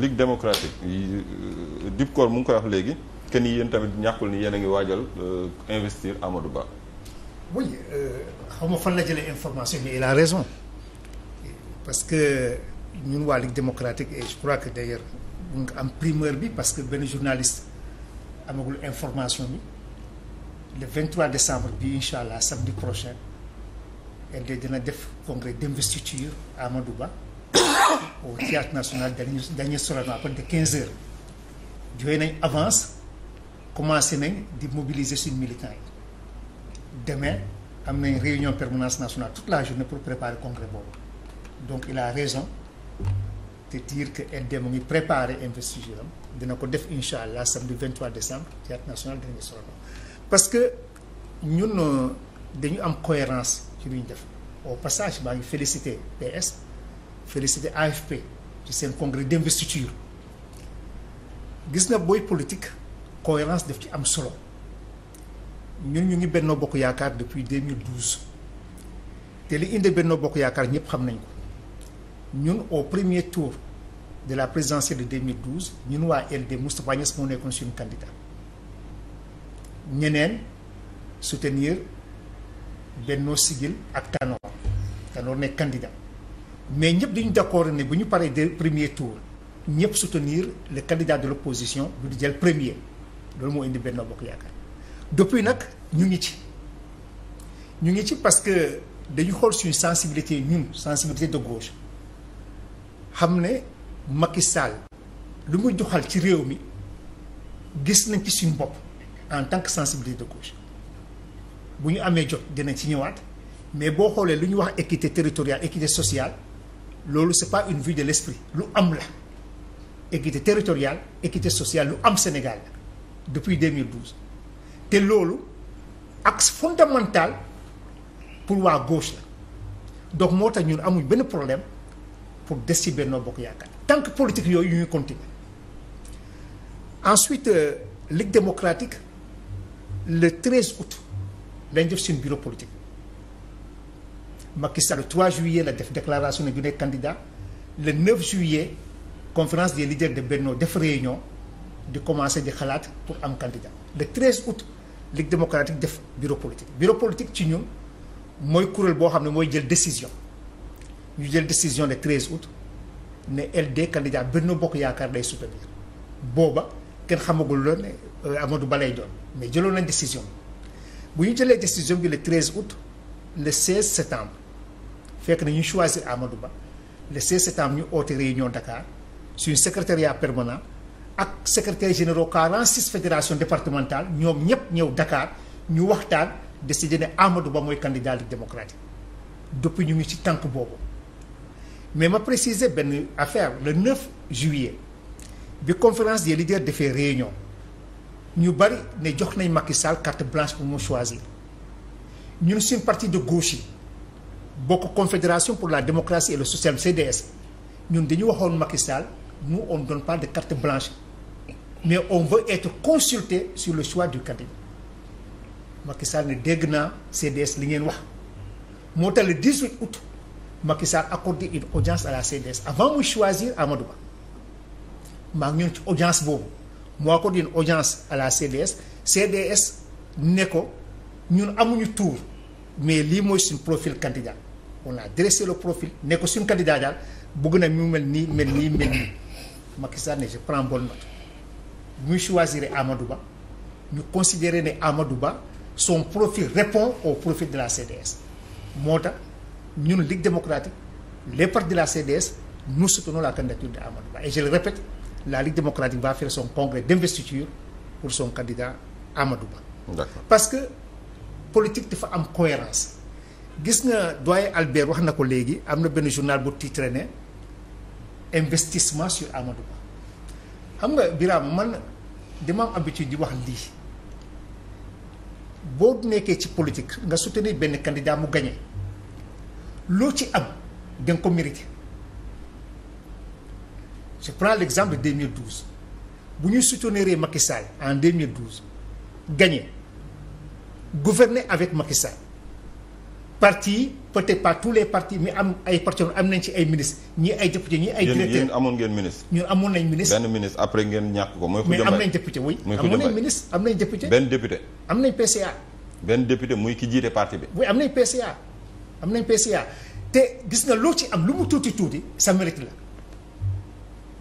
Ligue démocratique euh, Dibkor mu ngi koy wax léegi que ni yéen tamit ñàkkul ni yéen a ngi waajal euh, investir Amadou Ba. oui euh, xaw ma fan la jëlee information mais il a raison parce que ñun waa Ligue démocratique et je crois que d'ailleurs mu ngi am primeur bi parce que benn journaliste amagul information bi le 23 décembre bi incha allah samedi prochain LD dina def congrès d'investiture Amadou Ba. au théâtre national dernier dernier soir à peu de 15 heures joxe nañ avance commencé nañ di mobiliser suñ militants yi demain am nañ réunion permanence nationale toute la journée pour préparer congrès boobu donc il a raison te dire que LD mu ngi préparer investiture am dina ko def incha allah samedi 23 décembre théâtre national dernier soir parce que ñun euh, dañu am cohérence ci lu ñu def au passage maa ngi félicité PS. félicité AFP ci seen congrès d'investiture gis na booy politik cohérence daf ci am solo ñun ñu ngi Benno Bokk Yaakaar depuis 2012 te li inde Benno Bokk Yaakaar ñëpp xam nañ ko ñun au premier tour de la présidentielle de 2012 ñun waa LD Moustapha Niass moo nekkoon suñu candidat ñeneen soutenir Benno Siggil ak Tanor Tanor nekk candidat mais ñëpp dañu d'accord ne bu ñu paree de premier tour ñëpp soutenir le candidat de l'opposition bu di jël premier loolu moo indi benn Bokk Yaakaar depuis nag ñu ngi ci ñu ngi ci parce que dañu xool suñu sensibilité ñun sensibilité de gauche xam ne Macky Sall lu muy doxal ci réew mi gis nañ ci suñu bopp en tant que sensibilité de gauche bu ñu amee jot dinañ ci ñëwaat mais boo xoolee lu ñu wax équité territoriale équité sociale loolu c'est pas une vue de l'esprit lu am la équité territoriale équité sociale lu am Sénégal la depuis 2012 te loolu axe fondamental pour waa gauche la donc moo tax ñun amuñ benn problème pour des ci Benno Bokk Yaakaar tant que politique yooyu ñuy continuer ensuite euh, Ligue démocratique le 13 août lañ def suñu bureau politique Macky Sall 3 juillet la def déclaration ne du nekk candidat le 9 juillet conférence des leaders de Benno def réunion di commencer di xalaat pour am candidat le 13 août Ligue démocratique def bureau politique ci ñun mooy kuréel boo xam ne mooy jël décision ñu jël décision le 13 août ne LD candidat Benno Bokk Yaakaar day soutenir booba kenn xamagul loon ne euh, Amadou Ba lay doon mais jëloon nañ décision bu ñu jëlee décision bi le 13 août le 16 septembre fekk nañu ñu choisir Amadou Ba le 16 septembre ñu oote réunion Dakar suñu secrétariat permanent ak secrétaire généraux 46 fédération départementale ñoom ñëpp ñëw Dakar ñu waxtaan décidé ne Amadou Ba mooy candidat Ligue démocratique depuis ñu ngi ci tànk boobu mais ma préciser benn affaire le 9 juillet bi conférence des leaders defee réunion ñu bari ne jox nañ Macky Sall carte blanche pour mu choisir ñun suñu partie de gauche yi bokk confédération pour la démocratie et le social CDS ñun dañu waxoon Macky Sall nous on ne donne pas de carte blanche mais on veut être consulté sur le choix du candidat Macky Sall ne dégg naa CDS li ngeen wax moo tax le 18 août Macky Sall accordé une audience à la CDS avant muy choisir Amadou Ba maa ngi ñun ci audience boobu mu accordé une audience à la CDS CDS ne ko ñun amuñu tour mais lii mooy suñ profil candidat on a dressé le profil ne ko suñ candidat daal bëgg na mu mel nii mel nii mel nii Macky Sall ne je prends bonne note bu ñu choisir Ba ñu considérer ne Amadou Ba son profil répond au profit de la CDS moo tax ñun Ligue démocratique les partis de la CDS nous soutenons la candidature de Amadou Ba et je le répète la Ligue démocratique va faire son congrès d'investiture pour son candidat Amadou parce que politique dafa am cohérence gis nga doyen Albert wax na ko léegi am na benn journal bu titre ne investissement sur Amadou Ba xam nga Birame man dama am habitude di wax lii boo nekkee ci politique nga soutenir benn candidat mu gagné loo ci am danga ko mérité je prends l'exemple bu ñuy soutenir Macky Sall en 2012 gagné. gouverner avec Macky Sall parti peut-être pas tous les partis mais am ay parti am nañ ci ay ministres ñi ay député ñi ay directeur yéen amoon ngeen ministre ñun amoon nañ ministre benn ministre après ngeen ñàkk ko mooy mais am nañ député oui amoon nañ ministre am nañ député benn député am nañ PCA benn député muy ki jiite parti bi oui am nañ PCA am nañ PCA te gis nga loo ci am lu mu tuuti tuuti ça mérite la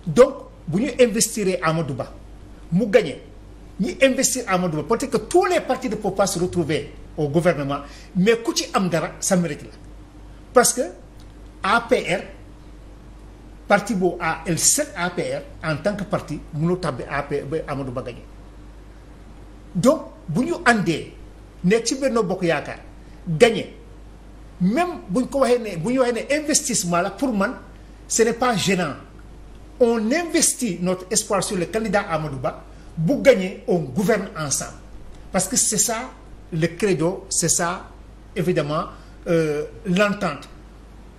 donc bu ñu investir Amadou Ba mu gagné ñi investir Amadou Ba peut-être que tous les partis ne peuvent pas se retrouver au gouvernement mais ku ci am dara sa mérite la parce que APR parti boobu L7 APR en tant que parti mënoo bi APR ba Amadou Ba gagné donc bu ñu àndee nekk ci Benno Bokk Yaakaar gagné même bu ñu ko waxee ne bu ñu waxee ne investissement la pour man ce n'est pas gênant on investit notre espoir sur le candidat Amadou Ba bu gagné on gouverne ensemble parce que c'est ça le crédo c'est ça évidemment euh, l'entente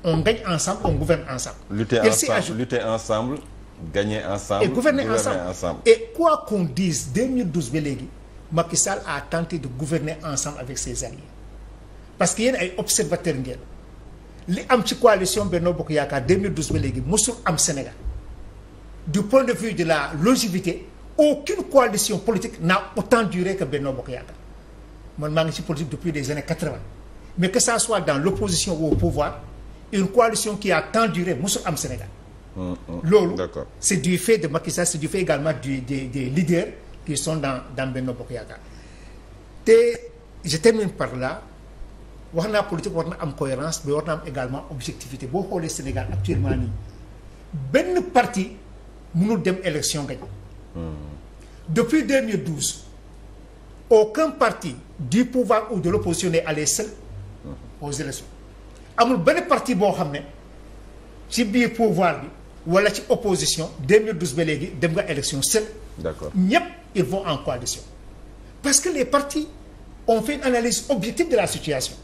on gagne ensemble on gouverne ensemble. lutter ensemble lutter ensemble gagner ensemble. et gouverner ensemble. ensemble et quoi qu'on dise 2012 ba léegi Macky Sall a tenté de gouverner ensemble avec ses alliés parce que yéen ay observateur ngeen li am ci coalition Benno Bokk Yaakaar 2012 ba léegi mosul am Sénégal du point de vue de la longévité. aucune coalition politique n'a autant duré que Benno Bokk Yaakaar man maa ngi ci politique depuis des années 80 mais que ça soit dans l'opposition ou au pouvoir une coalition qui a tant duré musul am Sénégal loolu c'est du fait de Macky Sall c'est du fait également du des des leaders qui sont dans dans Benno Bokk Yaakaar te je termine par là wax naa politique war na am cohérence mais war également objectivité boo xoolee Sénégal actuellement nii benn parti mënul dem élection gañ Depuis 2012, aucun parti du pouvoir ou de l'opposition n'est allé seul aux élections. amul benn parti boo xam ne ci biir pouvoir bi wala ci opposition 2012 ba léegi dem nga élection seul. d'accord ñëpp ils vont en coalition. parce que les partis ont fait une analyse objective de la situation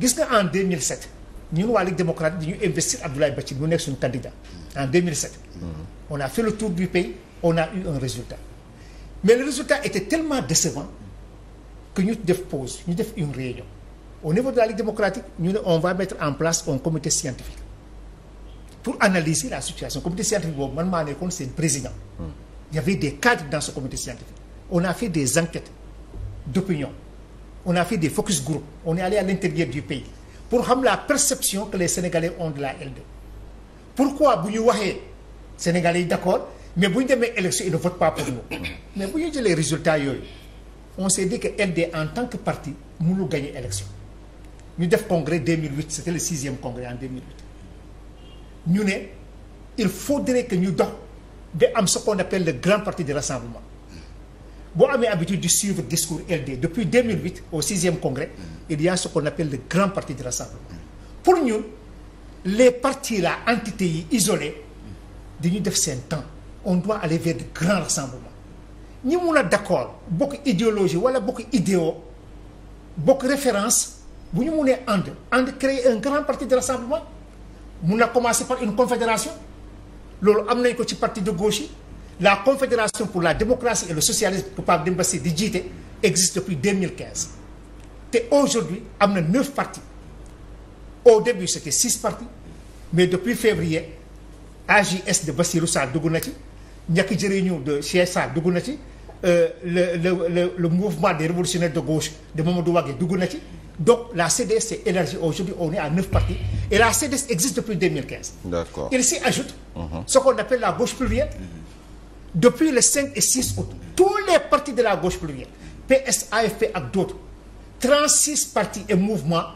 gis nga en 2007 ñun waa Ligue démocratique dañu investir Abdoulaye Bathily mu nekk suñu candidat en 2007. Mm-hmm. on a fait le tour du pays. on a eu un résultat mais le résultat était tellement décevant que ñu def pause ñu def une réunion au niveau de la Ligue démocratique ñu ne on va mettre en place un comité scientifique pour analyser la situation comité scientifique boobu man maa nekkoon seen président hmm. il y avait des cadres dans ce comité scientifique on a fait des enquêtes d'opinion on a fait des focus group on est allé à l'intérieur du pays pour xam la perception que les mais bu ñu demee élection il ne vote pas pour nous mais bu ñu jëlee résultat yooyu on s'est dit que LD en tant que parti mënul gagner élection ñu def congrès 2008 c'était le sixième congrès en 2008 ñu ne il faut faudrait que ñu dox ba am ce qu'on appelle le grand parti de rassemblement boo amee habitude de suivre discours LD depuis 2008 au sixième congrès il y a ce qu'on appelle le grand parti de rassemblement pour ñun les partis la entités yi isolées dañu def seen temps on doit aller vers de grands rassemblements ñi mun a d'accord bokk idéologie wala bokk idéo bokk référence bu ñu munee ànd ànd créer un grand parti de rassemblement mun na commencer par une confédération loolu am nañ ko ci parti de gauche la confédération pour la démocratie et le socialisme bu Pape Demba Sy di jiite existe depuis 2015 te aujourd'hui am na neuf partis au début c'était six partis mais depuis février AJS de Bassirou Sall dugg na ci ñàkk jëriñu de CSA dugg na ci euh, le le le le mouvement des révolutionnaires de gauche de Mamadou Wagué dugg na ci donc la CDS s'est élargie aujourd'hui on est à neuf partis et la CDS existe depuis il s'y ajoute. Uh -huh. ce qu'on appelle la gauche plurielle. Uh-huh. depuis le 5 et 6 août tous les partis de la gauche plurielle PS AFP ak d'autres 36 partis et mouvements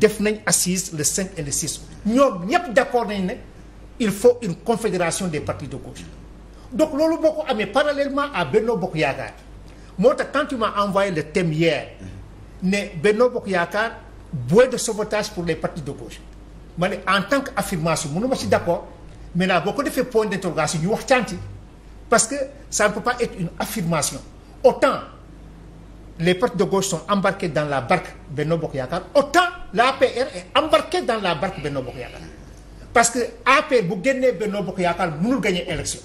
def nañ assise le 5 et le 6 août ñoom ñëpp d'accord nañ ne il faut une confédération des partis de gauche. donc loolu boo ko amee parallèlement à Benno Bokk Yaakaar moo tax quand tu m'as envoyé le thème hier ne Benno Bokk Yaakaar bouée de sauvetage pour les partis de gauche ma ne en tant que affirmation mënuma ci d'accord maintenant boo ko defee point d'interrogation ñu wax ci parce que ça ne peut pas être une affirmation autant les partis de gauche sont embarqués dans la barque Benno Bokk Yaakaar autant l'APR est embarquée dans la barque Benno Bokk Yaakaar parce que APR bu génnee Benno Bokk Yaakaar mënul gagner élection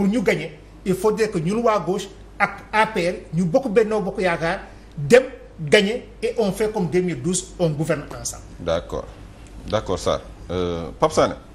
pour ñu gagner il faudrait que ñun waa gauche ak APR ñu bokk Benno Bokk Yaakaar dem gagner et on fait comme 2012 on gouverne ensemble. d'accord d'accord ça euh, Pape